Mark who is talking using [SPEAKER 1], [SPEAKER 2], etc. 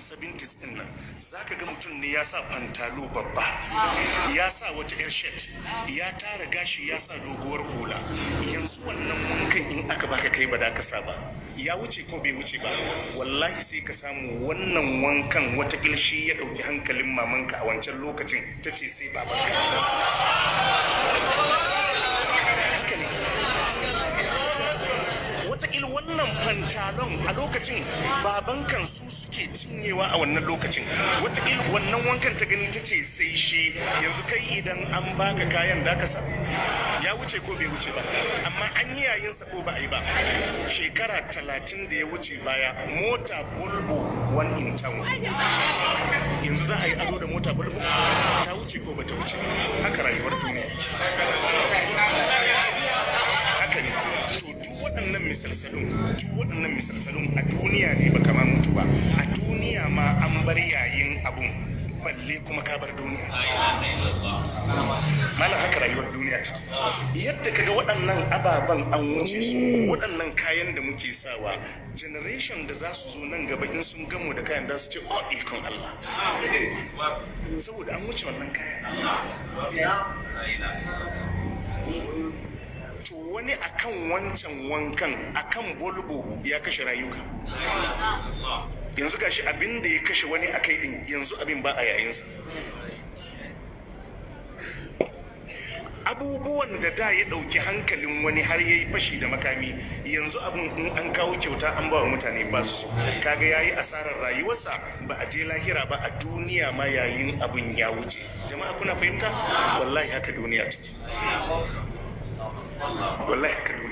[SPEAKER 1] 70s din nan ka ga mutum ne ya sa pantalo babba ya sa wata yar shirt ya tara gashi ya sa doguwar hula yanzu wannan wankan in aka baka kai ba da ka sa ba ya wuce ko bai wuce ba wallahi sai ka samu wannan wankan wata shi ya dauki hankalin mamanka a wancan lokacin ta ce sai babanka wannan pantalon a lokacin baban kan su suke cinyewa a wannan lokacin wataƙila wannan wankan ta gani ta ce sai shi yanzu kai idan an baka kayan da ka ya wuce ko bai wuce ba amma an yi yayinsa ko ba a yi ba shekara talatin da ya wuce baya mota bulbo wani in yanzu za a yi ado da mota bulbo ta wuce ko ba ta wuce misalsalun duk waɗannan misalsalun a duniya ne baka ma mutu ba a duniya ma an bar yayin abun balle kuma ka bar duniya malam haka rayuwar duniya ce yadda kaga waɗannan ababen an wuce su waɗannan kayan da muke sawa generation da za su zo nan gaba in sun gamo da kayan da su ce oh ikon Allah saboda an wuce wannan kayan ce wani akan wancan wankan akan bolbo ya kashe rayuka yanzu gashi abin da ya kashe wani kai din yanzu abin ba a yayinsa abubuwan da da ya ɗauki hankalin wani har ya yi fashi da makami yanzu abin in an kawo kyauta an ba wa mutane ba su so kaga ya yi asarar rayuwarsa ba a je lahira ba a duniya ma yayin abin ya wuce jama'a kuna fahimta wallahi haka duniya take black